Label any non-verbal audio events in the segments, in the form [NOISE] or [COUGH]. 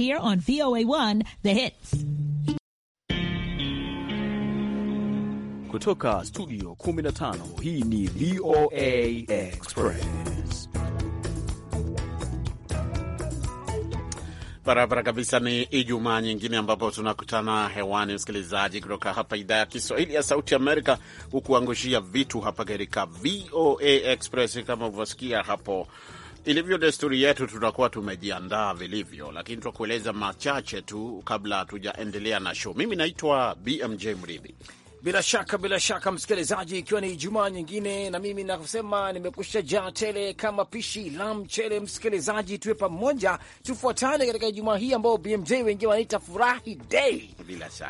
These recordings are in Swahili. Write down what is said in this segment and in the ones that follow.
Here on VOA1 The Hits. Kutoka studio 15 hii ni VOA Express. Barabara kabisa. Ni Ijumaa nyingine ambapo tunakutana hewani, msikilizaji, kutoka hapa idhaa ya Kiswahili ya Sauti Amerika, hukuangushia vitu hapa katika VOA Express kama ulivyosikia hapo Ilivyo desturi yetu, tutakuwa tumejiandaa vilivyo, lakini twakueleza machache tu kabla hatujaendelea na show. Mimi naitwa BMJ Mridhi bila shaka bila shaka, msikilizaji, ikiwa ni Ijumaa nyingine, na mimi nasema nimekusha jaa tele kama pishi la mchele. Msikilizaji, tuwe pamoja, tufuatane katika Ijumaa hii ambao BMJ wengi wanaita furahi dei,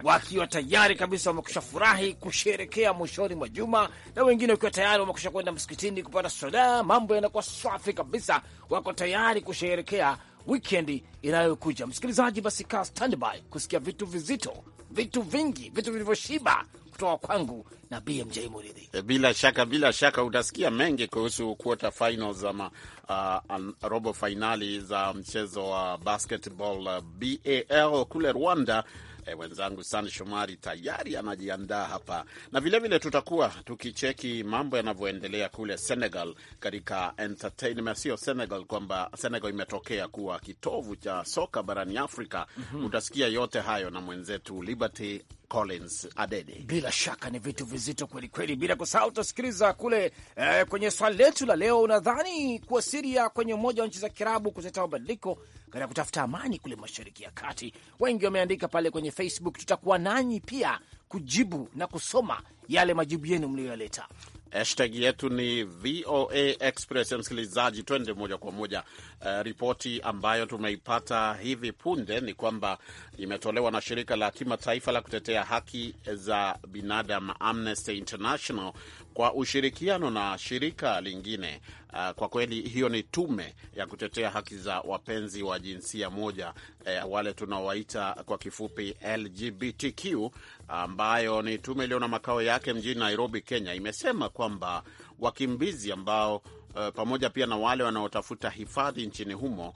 wakiwa tayari kabisa wamekusha furahi kusherekea mwishoni mwa juma, na wengine wakiwa tayari wamekusha kwenda msikitini kupata soda. Mambo yanakuwa safi kabisa, wako tayari kusherekea wikendi inayokuja. Msikilizaji, basi kaa standby kusikia vitu vizito, vitu vingi, vitu vilivyoshiba kutoka kwangu na BMJ Muridhi. E, bila shaka, bila shaka utasikia mengi kuhusu quarter finals ama uh, um, robo fainali za mchezo wa basketball uh, BAL kule Rwanda E, wenzangu San Shomari tayari anajiandaa hapa, na vilevile vile tutakuwa tukicheki mambo yanavyoendelea kule Senegal katika entertainment, sio Senegal kwamba Senegal imetokea kuwa kitovu cha soka barani Afrika. mm -hmm. Utasikia yote hayo na mwenzetu Liberty Collins Adede. Bila shaka ni vitu vizito kwelikweli, bila kusahau utasikiliza kule eh, kwenye swali letu la leo, unadhani kuwa Siria kwenye umoja wa nchi za Kiarabu kutetea mabadiliko katika kutafuta amani kule Mashariki ya Kati. Wengi wameandika pale kwenye Facebook, tutakuwa nanyi pia kujibu na kusoma yale majibu yenu mliyoyaleta. Hashtag yetu ni VOA Express. Msikilizaji, twende moja kwa moja. Uh, ripoti ambayo tumeipata hivi punde ni kwamba imetolewa na shirika la kimataifa la kutetea haki za binadamu Amnesty International kwa ushirikiano na shirika lingine. Uh, kwa kweli hiyo ni tume ya kutetea haki za wapenzi wa jinsia moja, eh, wale tunawaita kwa kifupi LGBTQ, ambayo ni tume iliyo na makao yake mjini Nairobi, Kenya, imesema kwamba wakimbizi ambao, uh, pamoja pia na wale wanaotafuta hifadhi nchini humo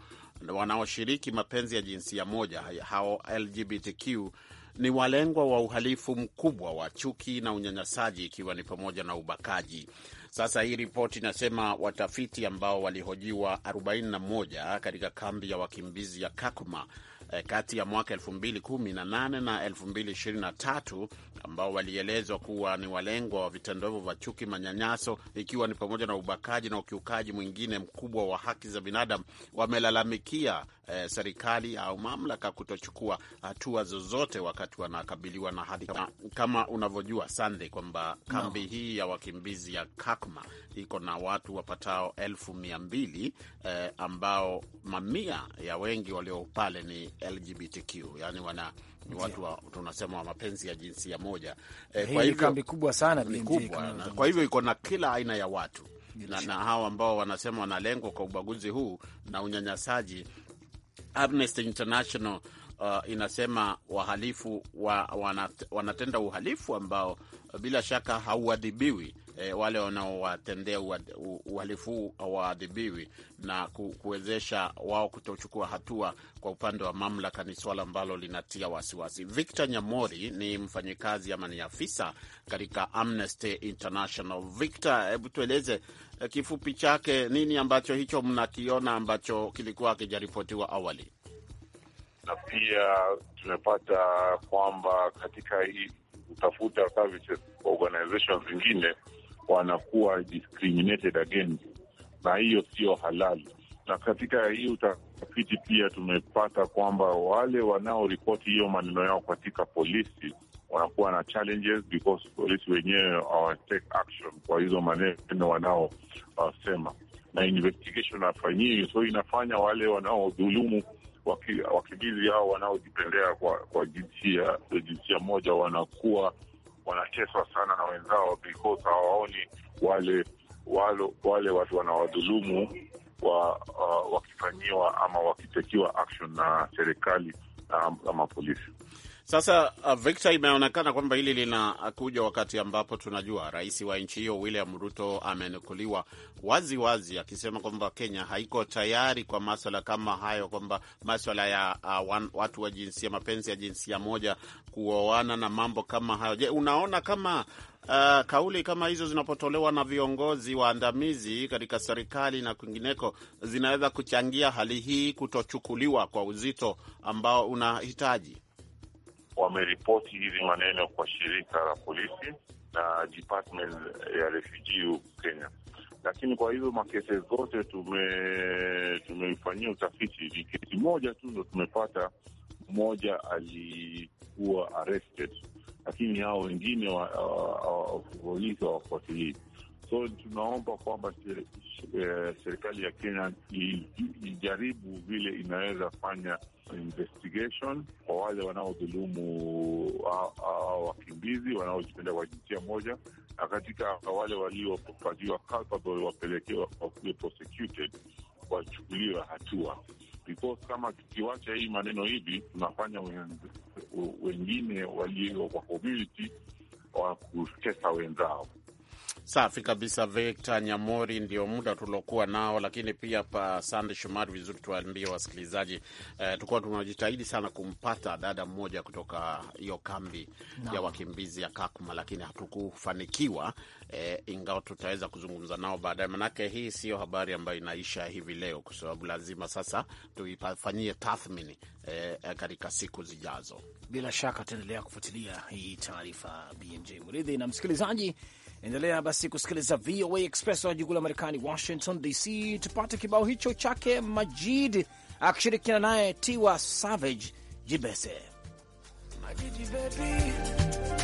wanaoshiriki mapenzi ya jinsia moja hao LGBTQ ni walengwa wa uhalifu mkubwa wa chuki na unyanyasaji, ikiwa ni pamoja na ubakaji. Sasa hii ripoti inasema watafiti ambao walihojiwa 41 katika kambi ya wakimbizi ya Kakuma eh, kati ya mwaka 2018 na 2023 ambao walielezwa kuwa ni walengwa wa vitendo hivyo vya chuki, manyanyaso, ikiwa ni pamoja na ubakaji na ukiukaji mwingine mkubwa wa haki za binadamu, wamelalamikia eh, serikali au mamlaka kutochukua hatua zozote wakati wanakabiliwa na hali kama unavyojua Sunday kwamba kambi no. hii ya wakimbizi ya Kakuma iko na watu wapatao elfu mia mbili eh, ambao mamia ya wengi walio pale ni LGBTQ yani wana ni watu wa, tunasema wa mapenzi ya jinsia moja eh, kwa hivyo kambi kubwa sana kubwa, na, kwa hivyo iko na kila aina ya watu na, na hawa ambao wanasema wanalengwa kwa ubaguzi huu na unyanyasaji Amnesty International uh, inasema wahalifu wa, wanat, wanatenda uhalifu ambao bila shaka hauadhibiwi e, wale wanaowatendea uhalifu hawaadhibiwi, na kuwezesha wao kutochukua hatua kwa upande wa mamlaka ni suala ambalo linatia wasiwasi. Victor Nyamori ni mfanyikazi ama ni afisa katika Amnesty International. Victor, hebu tueleze eh, kifupi chake, nini ambacho hicho mnakiona ambacho kilikuwa akijaripotiwa awali? Na pia tumepata kwamba katika hii utafuta services zingine wanakuwa discriminated against, na hiyo sio halali. Na katika hii utafiti pia tumepata kwamba wale wanaoripoti hiyo maneno yao katika polisi wanakuwa na challenges because polisi wenyewe hawatake action kwa hizo maneno wanaosema, uh, na investigation so inafanya wale wanaodhulumu wakimbizi hao wanaojipendea kwa, kwa jinsia jinsia moja wanakuwa wanateswa sana na wenzao because hawaoni wale wale, wale watu wanawadhulumu wa, uh, wakifanyiwa ama wakitekiwa action na serikali na, na mapolisi. Sasa uh, Victor, imeonekana kwamba hili linakuja wakati ambapo tunajua rais wa nchi hiyo William Ruto amenukuliwa wazi wazi akisema kwamba Kenya haiko tayari kwa maswala kama hayo, kwamba maswala ya uh, wan, watu wa jinsia, mapenzi ya jinsia moja kuoana na mambo kama hayo. Je, unaona kama Uh, kauli kama hizo zinapotolewa na viongozi waandamizi katika serikali na kwingineko zinaweza kuchangia hali hii kutochukuliwa kwa uzito ambao unahitaji? wameripoti hizi maneno kwa shirika la polisi na department ya refugee huku Kenya, lakini kwa hivyo makese zote tumeifanyia utafiti, ni kesi moja tu ndo tumepata mmoja alikuwa arrested, lakini hao wengine polisi wa, wa, wa, wa, wa, wa, wa, wa, So tunaomba kwamba eh, serikali ya Kenya ijaribu vile inaweza fanya investigation kwa wale wanaodhulumu wakimbizi wanaojipenda kwa jinsia moja, na katika wale waliopatiwa culpable wapelekewa prosecuted, wachukuliwe hatua, because kama tukiwacha hii maneno hivi, tunafanya wengine walio kwa community kutesa wenzao. Safi kabisa, Victor Nyamori. Ndio muda tuliokuwa nao, lakini pia pa Sande Shomari, vizuri tuwaambie wasikilizaji eh, tukuwa tunajitahidi sana kumpata dada mmoja kutoka hiyo kambi no. ya wakimbizi ya Kakuma, lakini hatukufanikiwa e, ingawa tutaweza kuzungumza nao baadaye, manake hii siyo habari ambayo inaisha hivi leo, kwa sababu lazima sasa tuifanyie tathmini e, e katika siku zijazo. Bila shaka tuendelea kufuatilia hii taarifa BMJ Mridhi na msikilizaji, endelea basi kusikiliza VOA Express wa jukwaa la Marekani, Washington DC. Tupate kibao hicho chake Majid akishirikiana naye Tiwa Savage Jibese Majid, baby.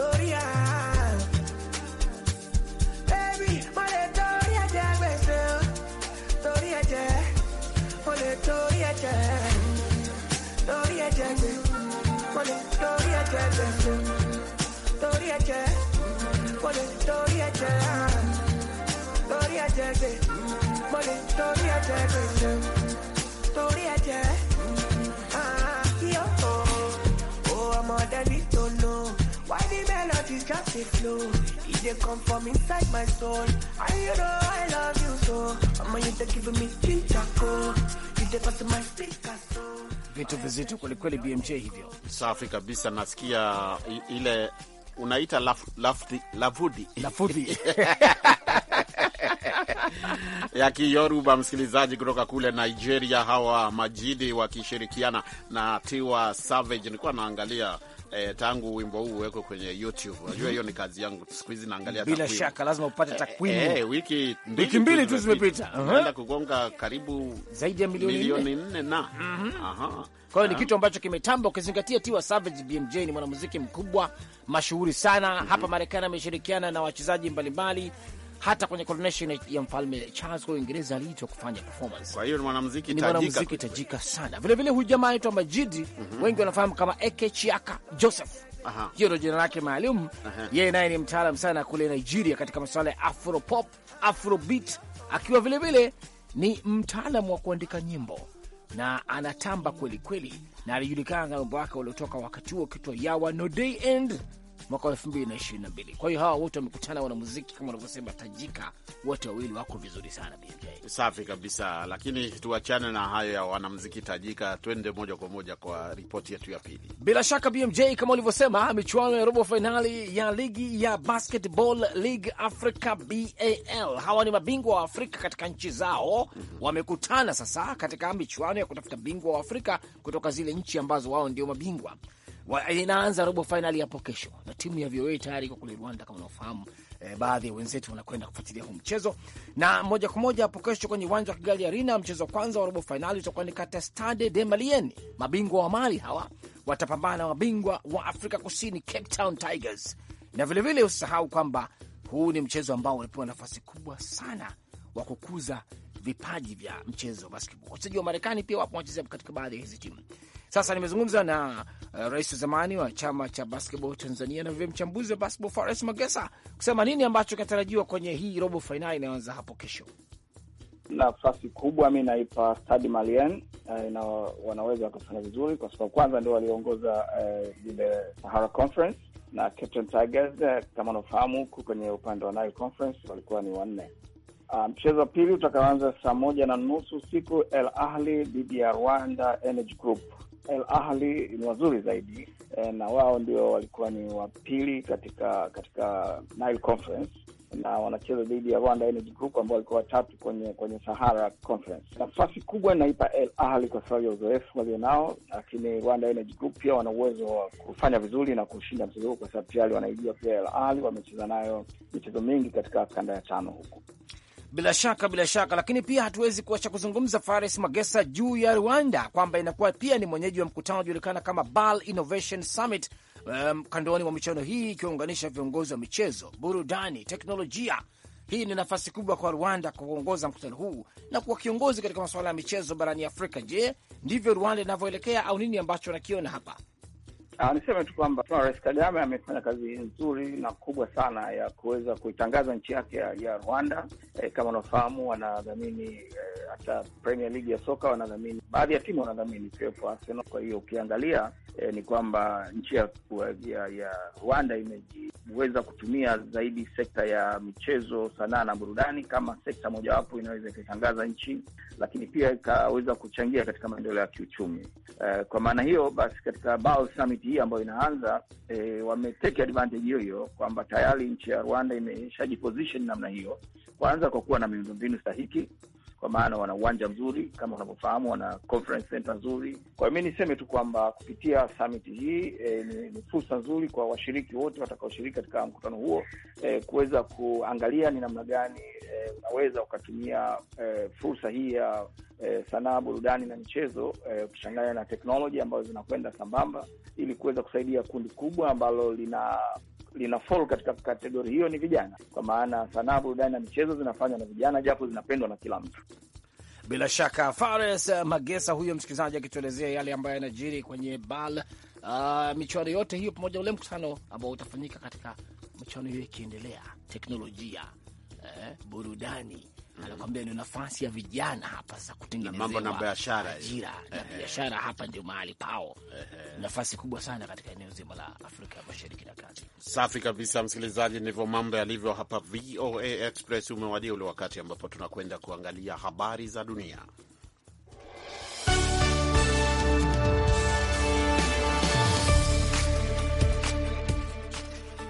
lórí àá. Bébí, mo lè torí ẹ̀jẹ̀ gbèsè o, torí ẹ̀jẹ̀, mo lè torí ẹ̀jẹ̀, torí ẹ̀jẹ̀ gbèsè, mo lè torí ẹ̀jẹ̀ gbèsè, torí ẹ̀jẹ̀, mo lè torí ẹ̀jẹ̀, torí ẹ̀jẹ̀ gbèsè, mo lè torí ẹ̀jẹ̀ gbèsè, torí ẹ̀jẹ̀, ah, yóò, oh, oh ọmọdé nítorí. it flow. It they come from inside my soul. I you know I love you so. I'm you to give me chichako. You they pass my speaker so. Vitu vizito kwelikweli BMJ hivyo. Safi kabisa nasikia ile unaita laf, lafdi, lavudi. Lafudi. [LAUGHS] ya Kiyoruba, msikilizaji kutoka kule Nigeria, hawa Majidi wakishirikiana na Tiwa Savage. Nilikuwa naangalia eh, tangu wimbo huu uwekwe kwenye YouTube. Unajua hiyo ni kazi yangu siku hizi, naangalia bila takwimu. Shaka lazima upate eh, takwimu eh, eh, wiki wiki mbili tu zimepita, naenda kugonga karibu zaidi ya milioni milioni nne na mm -hmm. aha kwa hiyo ni ah. kitu ambacho kimetamba, ukizingatia Tiwa Savage BMJ ni mwanamuziki mkubwa mashuhuri sana mm -hmm. hapa Marekani ameshirikiana na wachezaji mbalimbali hata kwenye coronation ya mfalme Charles kwa Uingereza aliitwa kufanya performance. Kwa hiyo ni mwanamuziki tajika, mwanamuziki tajika sana. Vile vile huyu jamaa anaitwa Majidi mm -hmm. wengi wanafahamu kama Eke Chiaka Joseph. Aha. Hiyo ndio jina lake maalum. Yeye naye ni mtaalamu sana kule Nigeria katika masuala ya afropop, afrobeat, akiwa vile vile ni mtaalamu wa kuandika nyimbo na anatamba kweli kweli, na alijulikana na wimbo wake uliotoka wakati huo kitwa Yawa No Day End mwaka wa elfu mbili na ishirini na mbili. Kwa hiyo hawa wote wamekutana, wanamuziki kama wanavyosema tajika, wote wawili wako vizuri sana BMJ. Safi kabisa, lakini tuachane na hayo ya wanamuziki tajika, twende moja kwa moja kwa ripoti yetu ya pili. Bila shaka BMJ, kama ulivyosema, michuano ya robo fainali ya ligi ya Basketball League Africa BAL, hawa ni mabingwa wa Afrika katika nchi zao mhm. Wamekutana sasa katika michuano ya kutafuta bingwa wa Afrika kutoka zile nchi ambazo wao ndio mabingwa inaanza robo fainali hapo kesho, na timu ya VOA tayari iko kule Rwanda kama unaofahamu. Eh, baadhi ya wenzetu wanakwenda kufuatilia huu mchezo na moja kwa moja hapo kesho kwenye uwanja wa Kigali Arena. Mchezo wa kwanza wa robo fainali utakuwa ni kati ya Stade de Malien, mabingwa wa Mali hawa watapambana na mabingwa wa Afrika Kusini, Cape Town Tigers. Na vilevile usisahau kwamba huu ni mchezo ambao ulipewa nafasi kubwa sana wa kukuza vipaji vya mchezo wa basketball. Wachezaji wa Marekani pia wapo wanacheza katika baadhi ya hizi timu. Sasa nimezungumza na uh, rais wa zamani wa chama cha basketball Tanzania na vile mchambuzi wa basketball Fares Magesa kusema nini ambacho kinatarajiwa kwenye hii robo fainali inayoanza hapo kesho. Nafasi kubwa mi naipa Stade Malien eh, na wanaweza wakafanya vizuri kwa sababu kwanza ndio waliongoza vile eh, Sahara Conference na Captain Tigers eh, kama unaofahamu huku kwenye upande wa Nile Conference walikuwa ni wanne. Uh, Mchezo wa pili utakaoanza saa moja na nusu usiku El Ahli dhidi ya Rwanda Energy Group El eh, Ahli ni wazuri zaidi e, na wao ndio walikuwa ni wa pili katika katika Nile Conference na wanacheza dhidi ya Rwanda Energy Group ambao walikuwa watatu kwenye kwenye Sahara Conference. Nafasi kubwa inaipa El Ahli kwa sababu ya uzoefu walio nao lakini Rwanda Energy Group pia wana uwezo wa kufanya vizuri na kushinda mchezo huo, kwa sababu tayari wanaijua pia El Ahli, wamecheza nayo michezo mingi katika kanda ya tano huku. Bila shaka, bila shaka, lakini pia hatuwezi kuacha kuzungumza Fares Magesa juu ya Rwanda kwamba inakuwa pia ni mwenyeji wa mkutano ujulikana kama BAL Innovation Summit, um, kandoni mwa michano hii ikiwaunganisha viongozi wa michezo, burudani, teknolojia. Hii ni nafasi kubwa kwa Rwanda kuongoza mkutano huu na kuwa kiongozi katika masuala ya michezo barani Afrika. Je, ndivyo Rwanda inavyoelekea au nini ambacho nakiona hapa? Ah, niseme tu kwamba Rais Kagame amefanya kazi nzuri na kubwa sana ya kuweza kuitangaza nchi yake ya, ya Rwanda. E, kama unaofahamu wanadhamini e, hata Premier League ya soka wanadhamini, baadhi ya timu wanadhamini ikiwepo Arsenal. Kwa hiyo ukiangalia e, ni kwamba nchi ya, ya, ya Rwanda imejiweza kutumia zaidi sekta ya michezo, sanaa na burudani kama sekta mojawapo inaweza ikaitangaza nchi, lakini pia ikaweza kuchangia katika maendeleo ya kiuchumi. E, kwa maana hiyo basi katika Bao Summit hii ambayo inaanza e, eh, wameteki advantage hiyo hiyo kwamba tayari nchi ya Rwanda imeshajiposition namna hiyo, kwanza kwa kuwa na miundombinu stahiki kwa maana wana uwanja mzuri kama unavyofahamu, wana conference center nzuri. Kwa hiyo mi niseme tu kwamba kupitia summit hii e, ni, ni fursa nzuri kwa washiriki wote watakaoshiriki katika mkutano huo e, kuweza kuangalia ni namna gani e, unaweza ukatumia e, fursa hii ya eh, sanaa, burudani na michezo eh, ukichanganya na teknoloji ambazo zinakwenda sambamba ili kuweza kusaidia kundi kubwa ambalo lina lina fall katika kategori hiyo ni vijana, kwa maana sanaa, burudani na michezo zinafanywa na vijana, japo zinapendwa na kila mtu. Bila shaka Fares eh, Magesa huyo msikilizaji akituelezea yale ambayo yanajiri kwenye BAL uh, ah, michuano yote hiyo pamoja na ule mkutano ambao utafanyika katika michuano hiyo ikiendelea, teknolojia eh, burudani anakwambia ni nafasi ya vijana hapa sasa kutengeneza mambo na biashara, ajira na biashara hapa ndio mahali pao. Nafasi kubwa sana katika eneo zima la Afrika ya Mashariki na Kati. Safi kabisa, msikilizaji, ndivyo mambo yalivyo hapa VOA Express. Umewadia ule wakati ambapo tunakwenda kuangalia habari za dunia.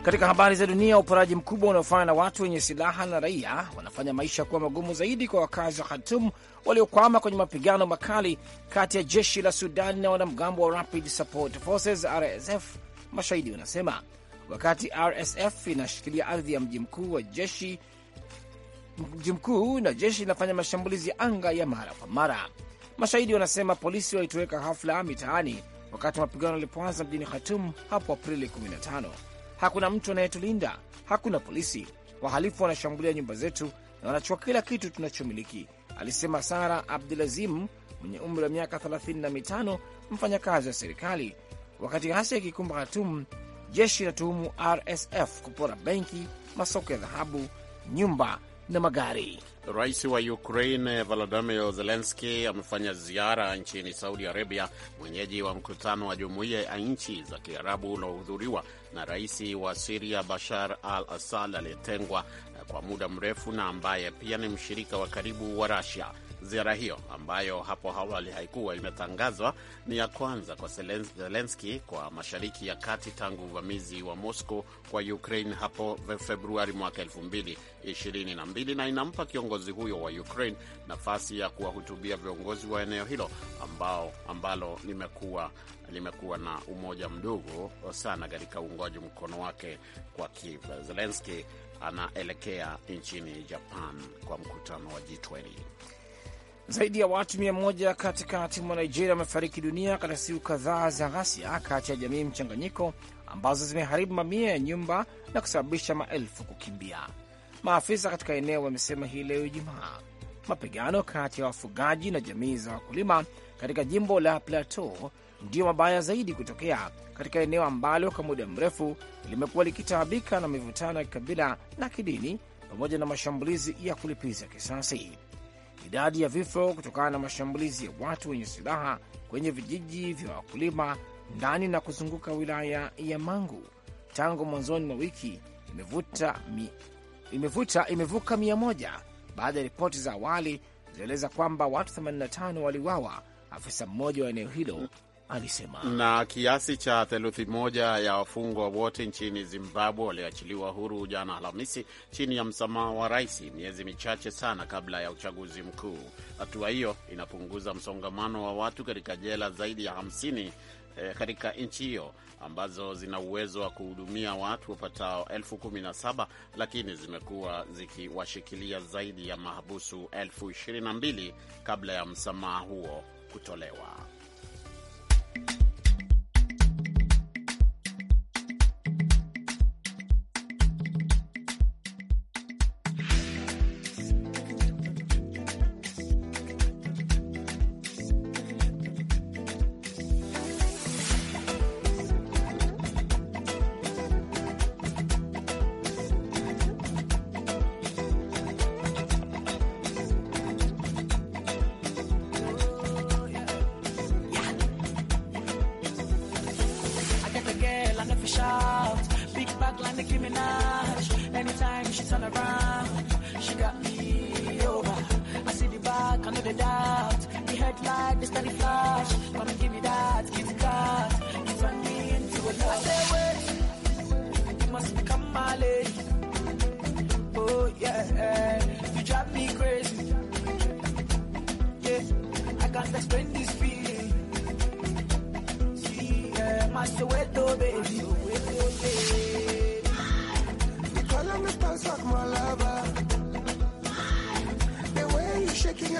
Katika habari za dunia, uporaji mkubwa unaofanywa na watu wenye silaha na raia wanafanya maisha kuwa magumu zaidi kwa wakazi wa Khartoum waliokwama kwenye mapigano makali kati ya jeshi la Sudani na wanamgambo wa Rapid Support Forces RSF, mashahidi wanasema. Wakati RSF inashikilia ardhi ya mji mkuu wa jeshi mji mkuu na jeshi linafanya mashambulizi ya anga ya mara kwa mara. Mashahidi wanasema polisi walitoweka hafla mitaani wakati wa mapigano yalipoanza mjini Khartoum hapo Aprili 15 hakuna mtu anayetulinda, hakuna polisi. Wahalifu wanashambulia nyumba zetu na wanachukua kila kitu tunachomiliki, alisema Sara Abdulazim mwenye umri wa miaka 35, mfanyakazi wa serikali. Wakati ghasia ikikumba Khartoum, jeshi tuhumu RSF kupora benki, masoko ya dhahabu, nyumba na magari. Rais wa Ukraine Volodymyr Zelensky amefanya ziara nchini Saudi Arabia, mwenyeji wa mkutano wa jumuiya ya nchi za Kiarabu unaohudhuriwa na rais wa Siria Bashar al Assad aliyetengwa kwa muda mrefu na ambaye pia ni mshirika wa karibu wa Rusia. Ziara hiyo ambayo hapo awali haikuwa imetangazwa ni ya kwanza kwa Zelenski kwa Mashariki ya Kati tangu uvamizi wa Moscow kwa Ukraine hapo Februari mwaka 2022 na inampa kiongozi huyo wa Ukraine nafasi ya kuwahutubia viongozi wa eneo hilo ambao, ambalo limekuwa limekuwa na umoja mdogo sana katika uungaji mkono wake kwa Kiev. Zelenski anaelekea nchini Japan kwa mkutano wa G20. Zaidi ya watu mia moja katikati mwa Nigeria wamefariki dunia katika siku kadhaa za ghasia kati ya jamii mchanganyiko ambazo zimeharibu mamia ya nyumba na kusababisha maelfu kukimbia. Maafisa katika eneo wamesema hii leo Ijumaa mapigano kati ya wafugaji na jamii za wakulima katika jimbo la Plateau ndiyo mabaya zaidi kutokea katika eneo ambalo kwa muda mrefu limekuwa likitaabika na mivutano ya kikabila na kidini pamoja na mashambulizi ya kulipiza kisasi idadi ya vifo kutokana na mashambulizi ya watu wenye silaha kwenye vijiji vya wakulima ndani na kuzunguka wilaya ya Mangu tangu mwanzoni mwa wiki imevuta mi, imevuta imevuka mia moja baada ya ripoti za awali zilieleza kwamba watu 85 waliwawa afisa mmoja wa eneo hilo alisema. Na kiasi cha theluthi moja ya wafungwa wote nchini Zimbabwe walioachiliwa huru jana Alhamisi chini ya msamaha wa rais, miezi michache sana kabla ya uchaguzi mkuu. Hatua hiyo inapunguza msongamano wa watu katika jela zaidi ya 50 eh, katika nchi hiyo ambazo zina uwezo wa kuhudumia watu wapatao elfu kumi na saba lakini zimekuwa zikiwashikilia zaidi ya mahabusu elfu ishirini na mbili kabla ya msamaha huo kutolewa.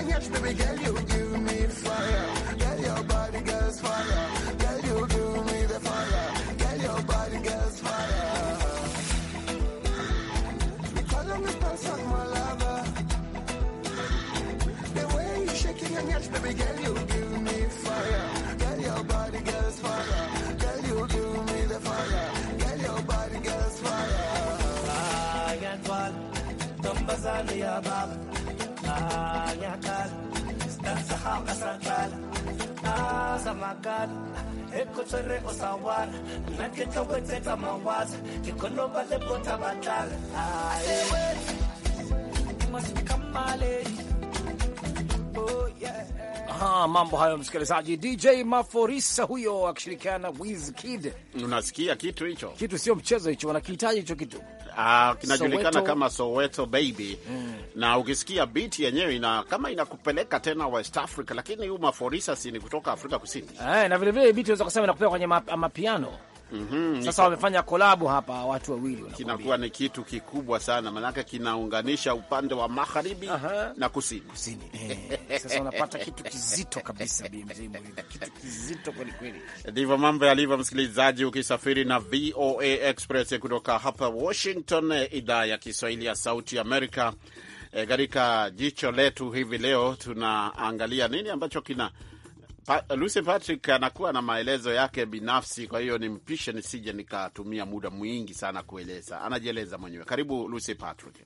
and yes, baby girl, you give me fire. Girl, your body girls fire. Girl, you give me the fire. Girl, your body girls fire. You call on the person, my lover. The way you shaking and yes, baby girl, you give me fire. Girl, your body girls fire. Girl, you give me the fire. Girl, your body girls fire. Fire, fire. Don't bazali above. makasangala azamakala ekhotswere osawana nake mawatsa Ha, mambo hayo msikilizaji, DJ Maforisa huyo akishirikiana Wizkid. Unasikia kitu hicho? Kitu sio mchezo hicho, wanakihitaji hicho kitu uh, kinajulikana Soweto, kama Soweto Baby mm. Na ukisikia biti yenyewe ina kama inakupeleka tena West Africa, lakini huyu Maforisa si ni kutoka Afrika Kusini eh, na vilevile beat unaweza kusema inakupeleka kwenye mapiano Mm -hmm. Sasa wamefanya kolabo hapa watu wawili, kinakuwa ni kitu kikubwa sana, maanake kinaunganisha upande wa magharibi na kusini, kusini. Eh, sasa unapata kitu kizito kabisa [LAUGHS] kitu kizito kweli kweli. Ndivyo mambo yalivyo, msikilizaji, ukisafiri na VOA Express kutoka hapa Washington, idhaa ya Kiswahili ya Sauti Amerika. Eh, katika e, jicho letu hivi leo tunaangalia nini ambacho kina Pa, Lucy Patrick anakuwa na maelezo yake binafsi, kwa hiyo nimpishe nisije nikatumia muda mwingi sana kueleza. Anajieleza mwenyewe. Karibu Lucy Patrick.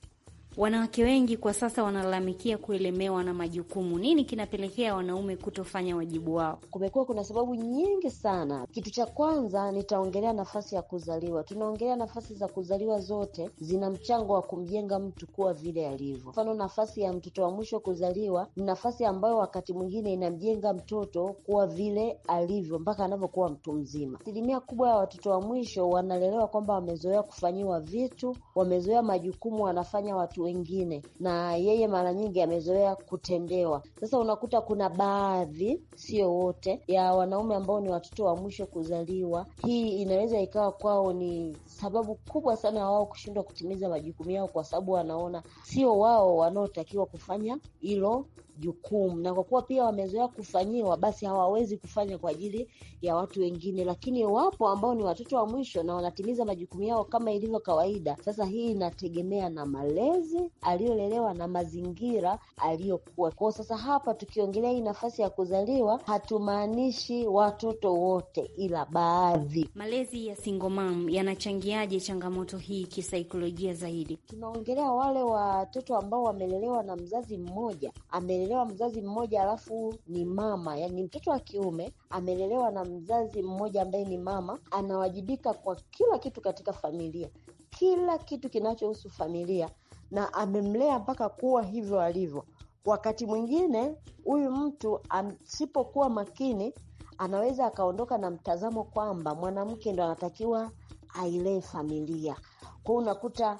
Wanawake wengi kwa sasa wanalalamikia kuelemewa na majukumu. Nini kinapelekea wanaume kutofanya wajibu wao? Kumekuwa kuna sababu nyingi sana. Kitu cha kwanza nitaongelea nafasi ya kuzaliwa. Tunaongelea nafasi za kuzaliwa, zote zina mchango wa kumjenga mtu kuwa vile alivyo. Mfano, nafasi ya mtoto wa mwisho kuzaliwa ni nafasi ambayo wakati mwingine inamjenga mtoto kuwa vile alivyo mpaka anavyokuwa mtu mzima. Asilimia kubwa ya watoto wa mwisho wanalelewa kwamba wamezoea kufanyiwa vitu, wamezoea majukumu, wanafanya watu wengine, na yeye mara nyingi amezoea kutendewa. Sasa unakuta kuna baadhi, sio wote, ya wanaume ambao ni watoto wa mwisho kuzaliwa. Hii inaweza ikawa kwao ni sababu kubwa sana ya wao kushindwa kutimiza majukumu yao, kwa sababu wanaona sio wao wanaotakiwa kufanya hilo jukumu, na kwa kuwa pia wamezoea kufanyiwa, basi hawawezi kufanya kwa ajili ya watu wengine. Lakini wapo ambao ni watoto wa mwisho na wanatimiza majukumu yao kama ilivyo kawaida. Sasa hii inategemea na malezi aliyolelewa na mazingira aliyokuwa kwao. Sasa hapa tukiongelea hii nafasi ya kuzaliwa, hatumaanishi watoto wote, ila baadhi. Malezi ya single mom yanachangiaje changamoto hii kisaikolojia zaidi? Tunaongelea wale watoto ambao wamelelewa na mzazi mmoja ame amelelewa mzazi mmoja alafu ni mama, yani mtoto wa kiume amelelewa na mzazi mmoja ambaye ni mama, anawajibika kwa kila kitu katika familia, kila kitu kinachohusu familia, na amemlea mpaka kuwa hivyo alivyo. Wakati mwingine huyu mtu asipokuwa makini, anaweza akaondoka na mtazamo kwamba mwanamke ndo anatakiwa ailee familia, kwao, unakuta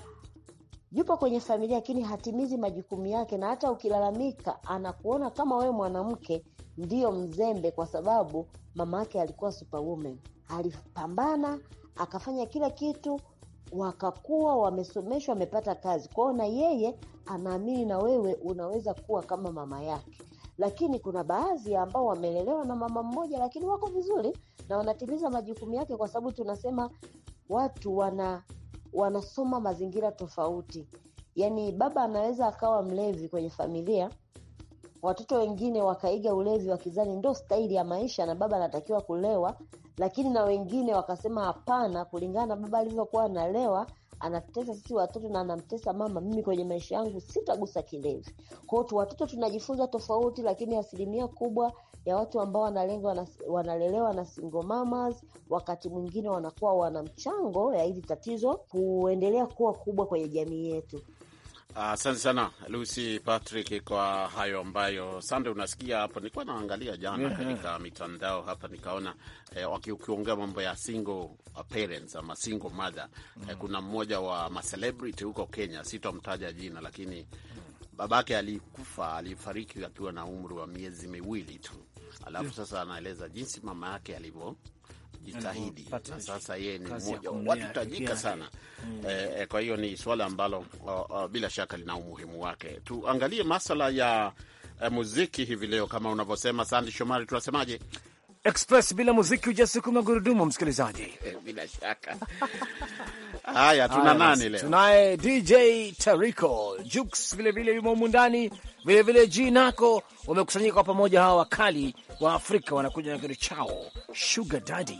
yupo kwenye familia lakini hatimizi majukumu yake, na hata ukilalamika anakuona kama wewe mwanamke ndiyo mzembe, kwa sababu mama yake alikuwa superwoman. Alipambana akafanya kila kitu, wakakuwa wamesomeshwa, wamepata kazi kwao, na yeye anaamini na wewe unaweza kuwa kama mama yake. Lakini kuna baadhi ambao wamelelewa na mama mmoja, lakini wako vizuri na wanatimiza majukumu yake, kwa sababu tunasema watu wana wanasoma mazingira tofauti. Yaani baba anaweza akawa mlevi kwenye familia, watoto wengine wakaiga ulevi wakizani ndo staili ya maisha na baba anatakiwa kulewa, lakini na wengine wakasema hapana, kulingana na baba alivyokuwa analewa anatutesa sisi watoto na anamtesa mama, mimi kwenye maisha yangu sitagusa kilevi. Kwa hiyo watoto tunajifunza tofauti, lakini asilimia kubwa ya watu ambao wanalengwa wanalelewa na single mamas, wakati mwingine wanakuwa wana mchango ya hili tatizo kuendelea kuwa kubwa kwenye jamii yetu. Asante uh, sana Lucy Patrick kwa hayo ambayo Sande unasikia hapo. Nilikuwa naangalia jana yeah, katika mitandao hapa nikaona eh, wakiukiongea mambo ya single parents ama single mother eh, mm. Eh, kuna mmoja wa macelebrity huko Kenya, sitomtaja jina, lakini babake alikufa, alifariki akiwa na umri wa miezi miwili tu, alafu yeah, sasa anaeleza jinsi mama yake alivyo jitahidi yaani, na sasa yeye ni mmoja watu tajika sana mm. E, kwa hiyo ni suala ambalo o, o, bila shaka lina umuhimu wake. Tuangalie masala ya e, muziki hivi leo, kama unavyosema Sandi Shomari, tunasemaje express bila muziki hujasukuma gurudumu, msikilizaji [LAUGHS] e, bila shaka [LAUGHS] haya, tuna nani leo? Tunaye DJ Tariko Juks vilevile yumo humu ndani vilevile nako wamekusanyika kwa pamoja. Hawa wakali wa Afrika wanakuja na kitu chao Sugar Daddy.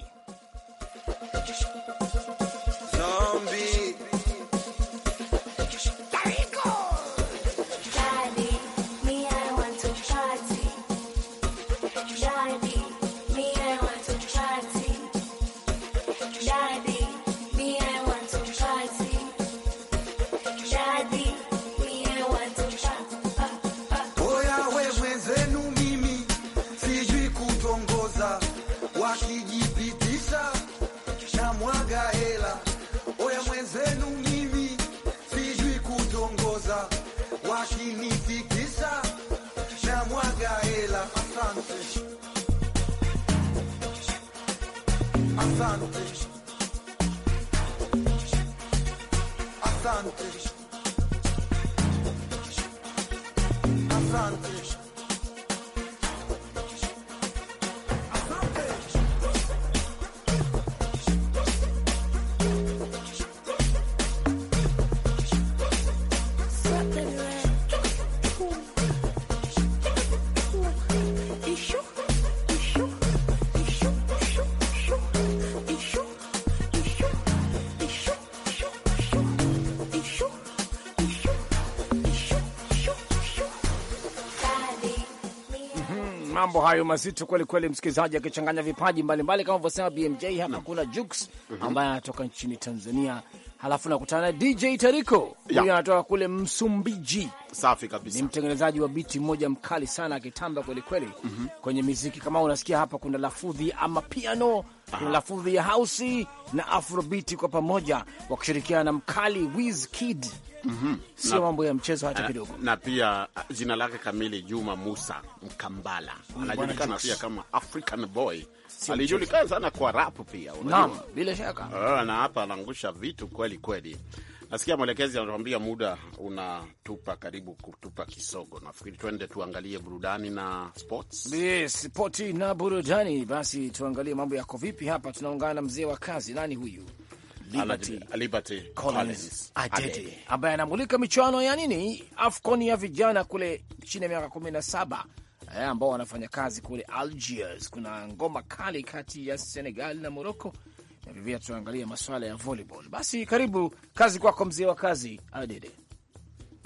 Asante. Asante. Asante. mambo hayo mazito kweli kweli, msikilizaji akichanganya vipaji mbalimbali kama vyosema BMJ hapa. Kuna Jux mhm. ambaye anatoka nchini Tanzania, halafu nakutana na DJ Tariko huyo anatoka kule Msumbiji. Safi kabisa. Ni mtengenezaji wa biti mmoja mkali sana akitamba kweli kweli mm -hmm. kwenye miziki kama unasikia hapa, kuna lafudhi ama piano Aha. kuna lafudhi ya house na afrobeat kwa pamoja wakishirikiana na mkali Wizkid mm -hmm. sio mambo ya mchezo hata eh, kidogo. Na pia ah, jina lake kamili Juma Musa Mkambala, anajulikana pia kama African Boy. Alijulikana sana kwa rap pia, unajua bila shaka, ah, na hapa anaangusha vitu kweli kweli. Nasikia mwelekezi anatuambia muda unatupa karibu kutupa kisogo. Nafikiri twende tuangalie burudani na sports. Yes, spoti na burudani. Basi tuangalie mambo yako vipi hapa. Tunaungana na mzee wa kazi, nani huyu? ambaye anamulika michuano ya nini, AFCON ya vijana kule chini ya miaka kumi na saba eh, ambao wanafanya kazi kule Algiers. Kuna ngoma kali kati ya Senegal na Morocco na vivia tunaangalia maswala ya volleyball. Basi karibu kazi kwako, mzee wa kazi Adede.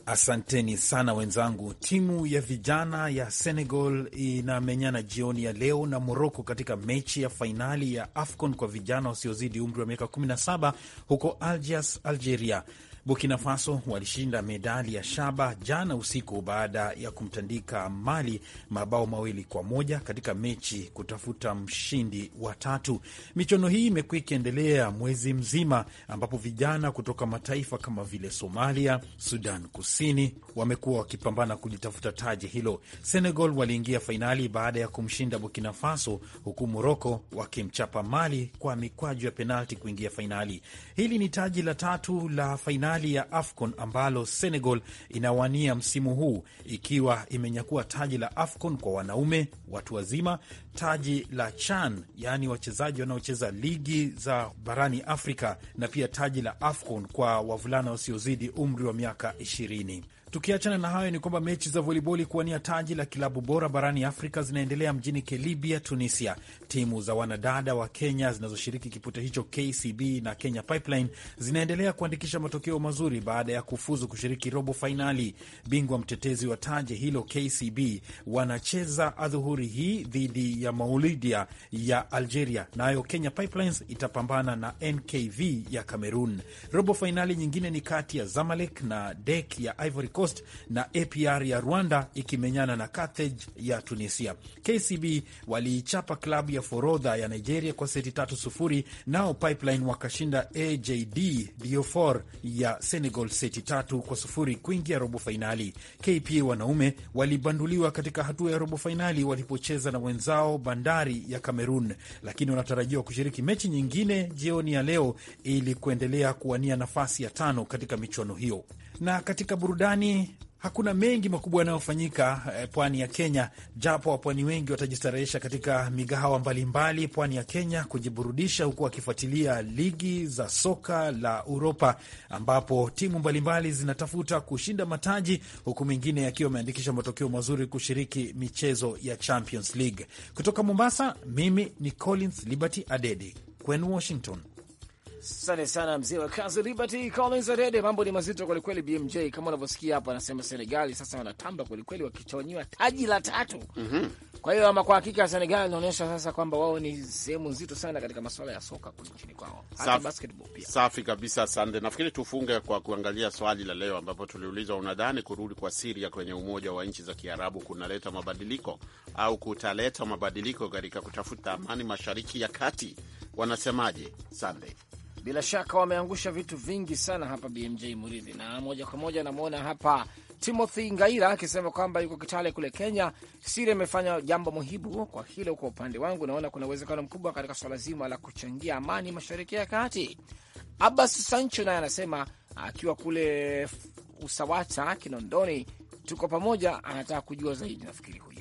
Asanteni sana wenzangu. Timu ya vijana ya Senegal inamenyana jioni ya leo na Moroko katika mechi ya fainali ya AFCON kwa vijana wasiozidi umri wa miaka 17 huko Algiers, Algeria. Burkina Faso walishinda medali ya shaba jana usiku baada ya kumtandika Mali mabao mawili kwa moja katika mechi kutafuta mshindi wa tatu. Michuano hii imekuwa ikiendelea mwezi mzima, ambapo vijana kutoka mataifa kama vile Somalia, Sudan Kusini wamekuwa wakipambana kulitafuta taji hilo. Senegal waliingia fainali baada ya kumshinda Burkina Faso, huku Moroko wakimchapa Mali kwa mikwaju ya penalti kuingia fainali. Hili ni taji la tatu la fainali fainali ya AFCON ambalo Senegal inawania msimu huu ikiwa imenyakua taji la AFCON kwa wanaume watu wazima, taji la CHAN yaani wachezaji wanaocheza ligi za barani Afrika, na pia taji la AFCON kwa wavulana wasiozidi umri wa miaka ishirini. Tukiachana na hayo ni kwamba mechi za voliboli kuwania taji la kilabu bora barani Afrika zinaendelea mjini Kelibia, Tunisia. Timu za wanadada wa Kenya zinazoshiriki kipute hicho KCB na Kenya Pipeline zinaendelea kuandikisha matokeo mazuri baada ya kufuzu kushiriki robo fainali. Bingwa mtetezi wa taji hilo KCB wanacheza adhuhuri hii dhidi ya Maulidia ya Algeria, nayo na Kenya Pipelines itapambana na NKV ya Cameroon. Robo fainali nyingine ni kati ya Zamalek na DEK ya Ivory Coast na APR ya Rwanda ikimenyana na Carthage ya Tunisia. KCB waliichapa klabu ya Forodha ya Nigeria kwa seti tatu sufuri, nao Pipeline wakashinda AJD Diofor ya Senegal seti tatu kwa sufuri kuingia robo fainali. KPA wanaume walibanduliwa katika hatua ya robo fainali walipocheza na wenzao Bandari ya Cameroon, lakini wanatarajiwa kushiriki mechi nyingine jioni ya leo ili kuendelea kuwania nafasi ya tano katika michuano hiyo. Na katika burudani hakuna mengi makubwa yanayofanyika eh, pwani ya Kenya, japo wapwani wengi watajistarehesha katika migahawa mbalimbali pwani ya Kenya kujiburudisha, huku wakifuatilia ligi za soka la Uropa ambapo timu mbalimbali zinatafuta kushinda mataji, huku mengine yakiwa yameandikisha matokeo mazuri kushiriki michezo ya Champions League. Kutoka Mombasa, mimi ni Collins Liberty Adede kwenu Washington. Asante sana mzee wa kazi Liberty Collins Adede. Mambo ni mazito kwelikweli, BMJ kama unavyosikia hapa. Anasema Senegali sasa wanatamba kwelikweli, wakichonyiwa taji la tatu. mm -hmm. Kwa hiyo ama kwa hakika Senegali inaonyesha sasa kwamba wao ni sehemu nzito sana katika masuala ya soka kule nchini kwao, hata basketball pia. Safi kabisa, asante. Nafikiri tufunge kwa kuangalia swali la leo ambapo tuliulizwa, unadhani kurudi kwa Siria kwenye Umoja wa Nchi za Kiarabu kunaleta mabadiliko au kutaleta mabadiliko katika kutafuta amani Mashariki ya Kati? Wanasemaje? Sunday bila shaka wameangusha vitu vingi sana hapa BMJ Muridhi, na moja kwa moja namwona hapa Timothy Ngaira akisema kwamba yuko Kitale kule Kenya. Siri amefanya jambo muhimu kwa hilo. Kwa upande wangu, naona kuna uwezekano mkubwa katika swala zima la kuchangia amani mashariki ya kati. Abbas Sancho naye anasema akiwa kule Usawata, Kinondoni, tuko pamoja. Anataka kujua zaidi, nafikiri huyu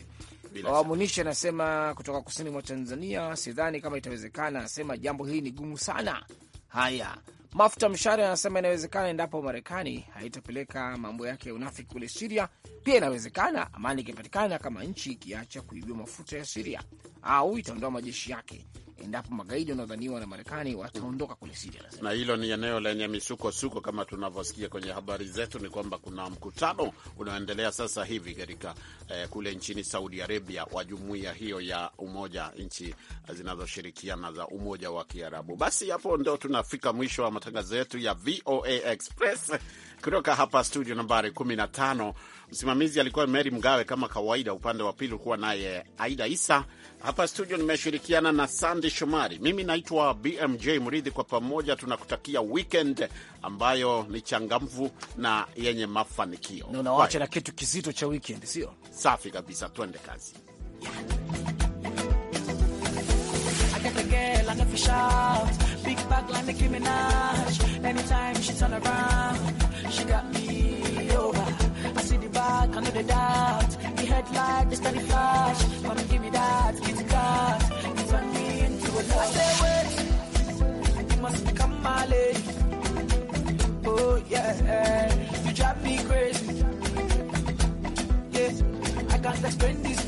Awamunishi anasema kutoka kusini mwa Tanzania, sidhani kama itawezekana. Anasema jambo hili ni gumu sana Haya, mafuta Mshari anasema inawezekana endapo Marekani haitapeleka mambo yake ya unafiki kule Siria. Pia inawezekana amani ikipatikana, kama nchi ikiacha kuibiwa mafuta ya Siria au itaondoa majeshi yake, endapo magaidi wanaodhaniwa na Marekani wataondoka kule Siria. Na hilo ni eneo lenye misukosuko kama tunavyosikia kwenye habari zetu, ni kwamba kuna mkutano unaoendelea sasa hivi katika eh, kule nchini Saudi Arabia wa jumuiya hiyo ya umoja nchi zinazoshirikiana za umoja wa Kiarabu. Basi hapo ndo tunafika mwisho wa matangazo yetu ya VOA Express kutoka hapa studio nambari 15. Msimamizi alikuwa Meri Mgawe kama kawaida, upande wa pili kuwa naye Aida Isa. Hapa studio nimeshirikiana na Sandi Sandi Shomari, mimi naitwa BMJ Mridhi. Kwa pamoja tunakutakia weekend ambayo ni changamvu na yenye mafanikio. Na unawacha na kitu kizito cha weekend, sio? Safi kabisa, twende kazi. I say wait, you must Oh yeah, you drive me crazy. I can't explain this.